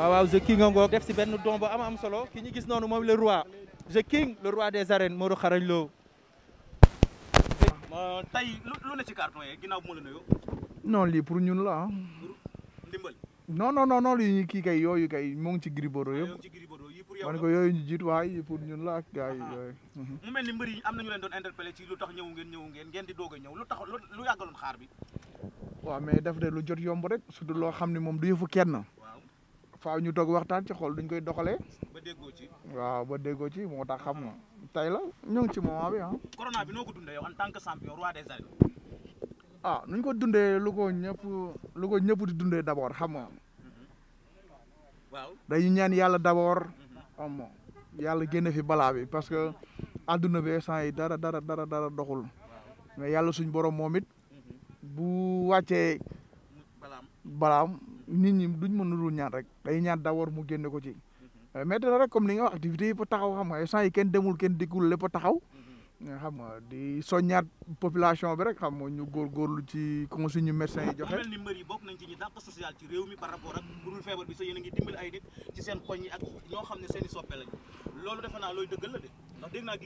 waaw waaw The King ngoog def si benn don bu am am solo ki ñu gis noonu moom le roi The King le roi des arènes Modou Xarañ loo tey lu la ci carton ginnaaw bu ma la nuyoo. lii pour ñun la ah. ndimbal. non non non non lii kii kay yooyu kay mu ngi ci Gris Bordeaux ah, yëpp. man ko yooyu ñu jiit waay yi pour ñun la ak ah, ah. yooyu. Mhm. mu mel ni mbër yi am na ñu leen doon interpellé ci lu tax ñëw ngeen ñëw ngeen ngeen di doog a ñëw lu tax lu yàggaloon xaar bi. waaw mais daf de lu jot yomb rek surtout loo xam ne moom du yëfu kenn. faaw ñu toog waxtaan ci xool duñ koy doxalee. ba déggoo ci. waaw ba déggoo ci moo tax xam nga tey la ñu ngi ci moment bi ah. corona bi noo ko dundee ah, nuñ ko dundee lu ko ñëpp lu ko ñëpp di dundee d' abord xam nga. Mm-hmm. waaw dañu ñaan yàlla d' abord. Mm-hmm. xam yàlla génne fi balaa bi parce que àdduna bi instant yi dara dara dara dara doxul. mais yàlla suñ borom moom it. Mm-hmm. bu wàccee. balaam. nit ñi duñ mën nurul ñaan rek day ñaan d'abord mu génn ko ci mm-hmm. mais dina rek comme ni nga wax activité yëpp taxaw xam nga instant yi kenn demul kenn dikkul lépp taxaw mm-hmm. xam nga di soññaat population bi rek xam nga ñu góor góorgóorlu ci consigne ñu médecin yi joxe mel ni mbër yi bokk nañ ci ñi dàq social ci réew mi par rapport ak budul feebar bi sa yéen dimbali ay ci seen koñ yi ak ñoo xam ne seen soppe lañ loolu defe naa looy dëggal la de ndax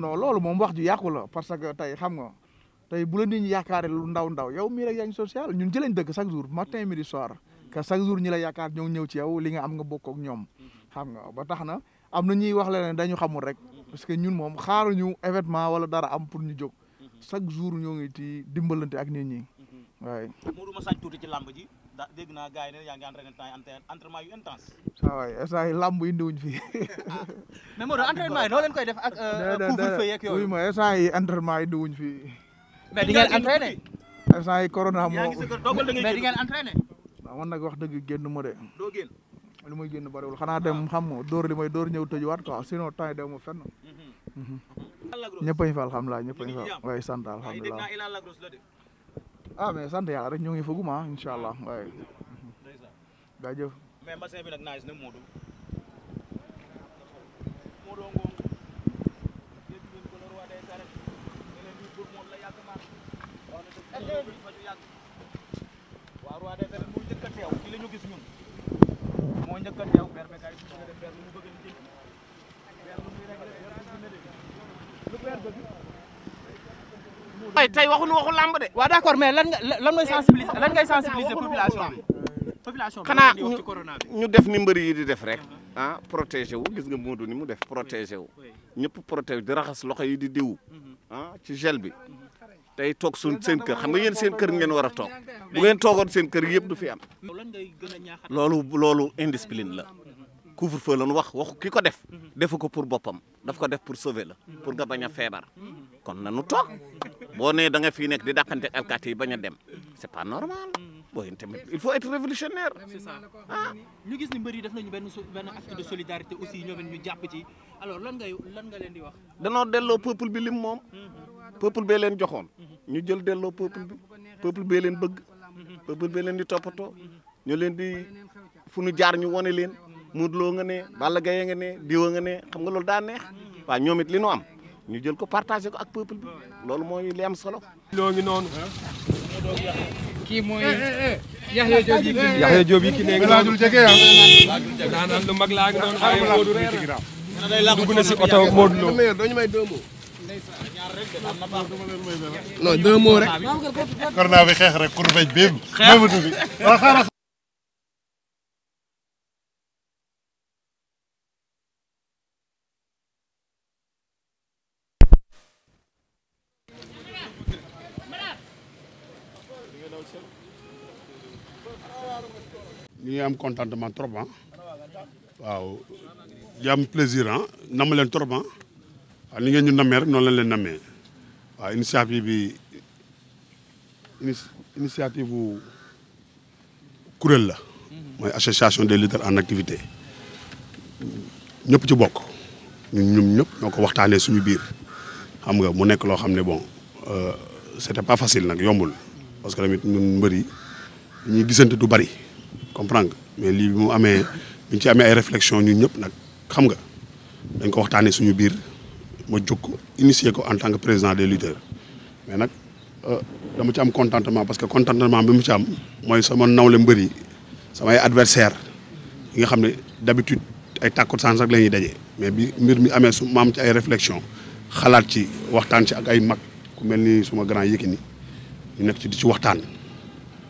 loolu moom wax ju yàqu la parce que tey xam nga tey bu la nit ñi yaakaare lu ndaw ndaw yow mii rek yaa ngi social ñun ci lañ dëkk chaque jour matin midi soir que chaque jour ñi la yaakaar ñoo ñëw ci yow li nga am nga bokk ñoom xam nga ba tax na am na ñuy wax leneen dañu xamul rek parce que ñun moom ñu événement wala dara am pour ñu jóg chaque jour ñoo ngi ci dimbalante ak nit ñi waaye. Modou ma ci làmb ji da dégg naa gars yi ne yaa ngi entraîné temps entraînement yu intense. waaw waay instant yii làmb yi fii. Ah. mais Modou entraînement noo leen koy def ak. Euh, déedéet déedéet couvre-feu yeeg yooyu. oui ma instant yii entraînement yi indiwuñ fii. mais di ngeen instant yi corona moo. mais di ngeen waaw man nag wax dëgg génn ma de. doo génn. li may génn bariwul xanaa dem ah. xam nga dóor li may dóor ñëw tëjuwaat quoi sinon temps yi demuma fenn. Mhm. Mhm. ñëppañ fa alhamdulilah ñëppañ fa waaye sant alhamdulilah. ah mais sant yàlla rek ñu ngi fuguma ah. waaye. waa roi des arènes moo njëkk a teew ci la waxu làmb de. waaw d'accord mais lan nga lan ngay sensibiliser lan ngay sensibiliser xanaa ñu def ni mbër yi di def rek. ah protéger wu gis nga Modou ni mu def protéger wu. ñëpp protéger di raxas loxo yi di diw. Mhm. ah ci gel bi. Mhm. te toog suñ seen kër xam nga yéen seen kër ngeen war a toog bu ngeen toogoon seen kër yëpp du fi am. loolu loolu indiscipline la couvre feu la ñu wax waxu ki ko def defu ko pour boppam daf ko def pour sauver la pour nga bañ a feebar kon nanu toog boo nee da nga fii nekk di dàqante alkaati yi bañ a dem c'est pas normal. boo yéen tamit il faut être révolutionnaire. c'est ça ah. ñu gis ni mbër yi def nañu benn benn acte de delloo peuple bi moom. peuple bee leen joxoon ñu jël delloo peuple bi peuple bee leen bëgg di toppatoo ñu leen di fu ñu jaar ñu wane leen Modou Lo nga ne Balla Gaye nga ne diwa nga ne xam nga loolu daa neex waaw ñoom li nu am ñu jël ko partagé ko ak peuple bi loolu mooy li am solo. loo ngi noonu. kii mooy. Yaxya Joob ah. lu mag laa ngi noonu waaye Modou si oto Modou non deux xeex rek kurbeñ bi. ngi am contentement trop ah waaw di am plaisir ah nam trop ah waaw ni ngeen ñu namee rek noonu lañ leen nammee waaw initiative bi initiative bu kuréel la. mooy association des lutteurs en activité ñëpp ci bokk ñu ñum ñëpp ñoo ko waxtaanee suñu biir xam nga mu nekk loo xam ne bon euh, c'était pas facile nag yombul parce que tamit ñun mbëri ñuy gisante du bari comprendre mais lii bi mu amee bi ci amee ay réflexion ñun ñëpp nag xam nga dañ ko waxtaanee suñu biir. ma jóg ko initier ko en tant que président des lutteurs mais nag euh, dama ci am contentement parce que contentement bi mu ci am mooy sama nawle mbër yi samay adversaire yi nga xam ne d'habitude ay tàkkusaan rek la ñuy daje mais bi mbir mi amee su ma am ci ay réflexion xalaat ci waxtaan ci ak ay mag ku mel ni suma grand Yékini ñu nekk ci di ci waxtaan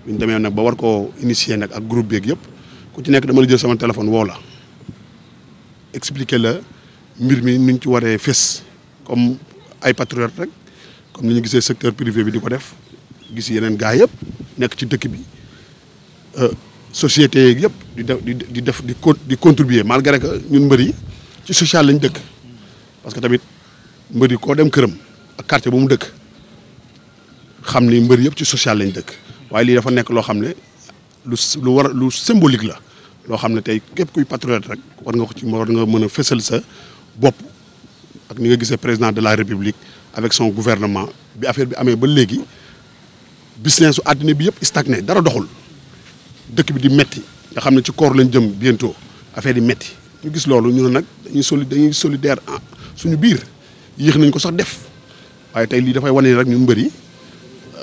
bi demee nag ba war ko initier nag ak groupe beeg yëpp ku ci nekk dama la jël sama téléphone woo la expliquer la mbir mi nuñ ci waree fés comme ay patriote rek comme ni ñu gisee secteur privé bi di ko def gis yeneen gaa yëpp nekk ci dëkk bi euh, société yeeg yëpp di def di def di di contribuer malgré que ñun mbër ci social lañ dëkk parce que tamit mbëri yi koo dem këram ak quartier bu mu dëkk xam ni mbër yëpp ci social lañ dëkk waaye lii dafa nekk loo xam ne lu lu war lu symbolique la loo xam ne tey képp kuy patriote rek war nga ko ci war nga mën a fësal sa bopp ak ñu nga gisee président de la république avec son gouvernement bi affaire bi amee ba léegi business su àddina bi yëpp stagné dara doxul dëkk bi di metti nga xam ne ci koor lañ jëm biento affaire yi metti ñu gis loolu ñu ne nag dañuy soli dañuy solidaire suñu biir yéex nañ ko sax def waaye tey lii dafay wane rek ñu mbër yi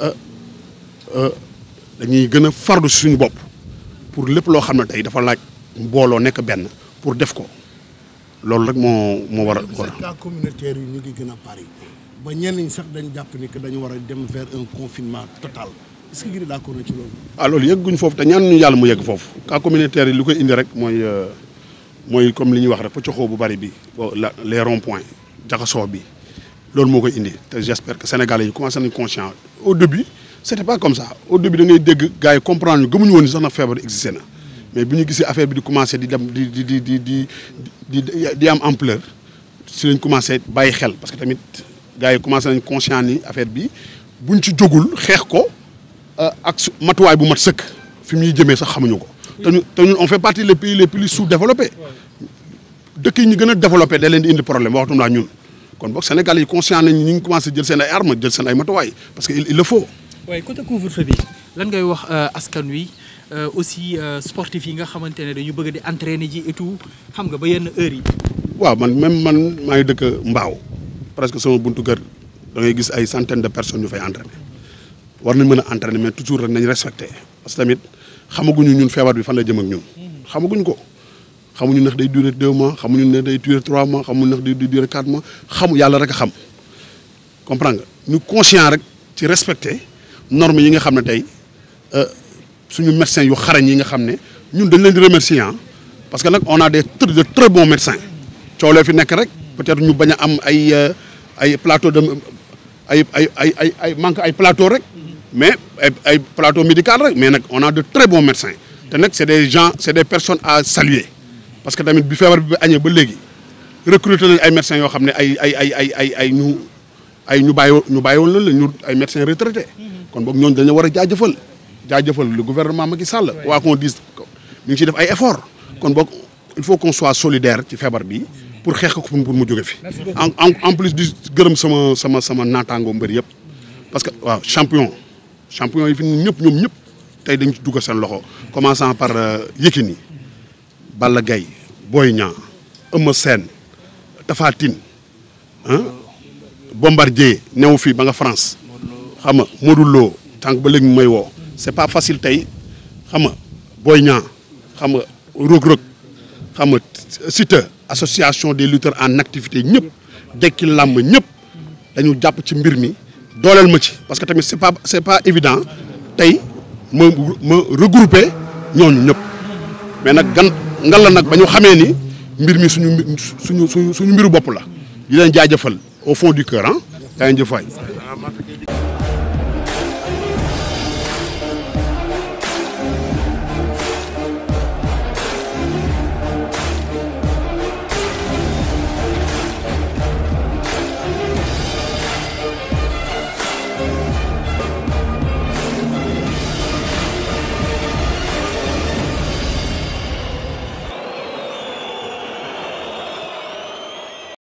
euh, euh, dañuy gën a farlu suñu bopp pour lépp loo xam ne tey dafa laaj mbooloo nekk benn pour def ko. loolu rek moo moo war a. cas communautaire yi ngi gën a bari ba ñenn ñi sax dañ jàpp ni que dañu war dem vers un confinement total est ci loolu. ah loolu foofu te ñaan ñu yàlla mu yegg foofu cas communautaire lu koy indi rek mooy euh, mooy comme li ñuy wax rek pëccoxoo bu bari bi la les ronds-points jaxasoo bi loolu moo koy indi te j'espère que sénégalais yi commencé nañu conscient au début c'était pas comme ça au début da ngay dégg gars yi comprendre ñu gëmuñu woon sax na feebar existé na. mais bi ñu gisee affaire bi di commencé di dem di di di di di di di am ampleur si lañ commencé bàyyi xel parce que tamit gars yi commencé nañ conscient ni affaire bi buñ ci jógul xeex ko euh, ak matuwaay bu mat sëkk fi muy jëmee sax xamuñu ko. te ñu ta ñun on fait partie des pays les plus sous-développés dëkk yi ñu gën a développé da leen di indi problème waxtum laa ñun kon boog Sénégal yi conscient nañ ñu ngi commencé jël seen ay armes jël seen ay matuwaay parce que il le faut. waaye côté couvre-feu lan ngay wax euh, askan wi. Euh, aussi euh, sportif yi nga xamante ne ñu bëgg di entraîner ji et tout xam nga ba yenn heure yi. waaw man même man maa ngi dëkk Mbaaw presque sama buntu kër da ngay gis ay centaine de personnes ñu fay entraîner war nañ mën a entraîner mais toujours rek nañ respecté parce que tamit xamaguñu ñun feebar bi fan la jëm ak ñun. xamaguñ ko xamuñu ndax day durer deux mois xamuñu ne day durer trois mois xamuñu ndax day durer quatre mois xamu yàlla rek a xam comprend nga ñu conscient rek ci respecté normes yi nga xam ne tey. Euh, suñu médecins yu xarañ yi nga xam ne ñun dañ leen di remercier ah, parce que nag on a des de très bons médecins coolee fi nekk rek peut-être ñu baña am ay euh, ay plateau de ay ay ay ay ay manque ay plateau rek mais ay ay plateau médical rek mais nag on a de très bons médecins te nag c'est des gens c'est des personnes à saluer parce que tamit bi feebar bi añee ba léegi recruter ay médecins yoo xam ne ay ay ay ay ay ay ñu ay ñu bàyyi ñu bàyyi woon la ñu ay médecins retraités mm-hmm. kon boog ñooñu dañoo war a jaajëfal. jaajëfal le gouvernement Macky Sall waa qu'on dise mi ngi ciy def ay effort kon boog il faut qu'on soit solidaire ci feebar bi pour xeex ko pour mu jóge fi en plus di gërëm sama sama sama naataangoo mbër yëpp parce que waaw champion champion yi fi ñëpp ñoom ñëpp tey dañu ci dugg seen loxo commençant par euh, Yékini Balla Gaye Boy Niang Eumeu Sène Tapha Tine Bombardier new fii ba nga France xam nga Modou Lo tànk ba léegi may woo c'est pas facile tey xam nga Boy Niang xam nga Reug Reug xam nga Siteu association des lutteurs en activité ñëpp Dekki Làmb ñëpp dañu jàpp ci mbir mi dooleel ma ci parce que tamit c'est pas c'est pas évident tey ma ma regrouper ñooñu ñëpp mais nag gan ngal la nag bañu xamee ni mbir mi suñu suñu suñu mbiru bopp la di leen jaajëfal au fond du cœur ah yaa ngi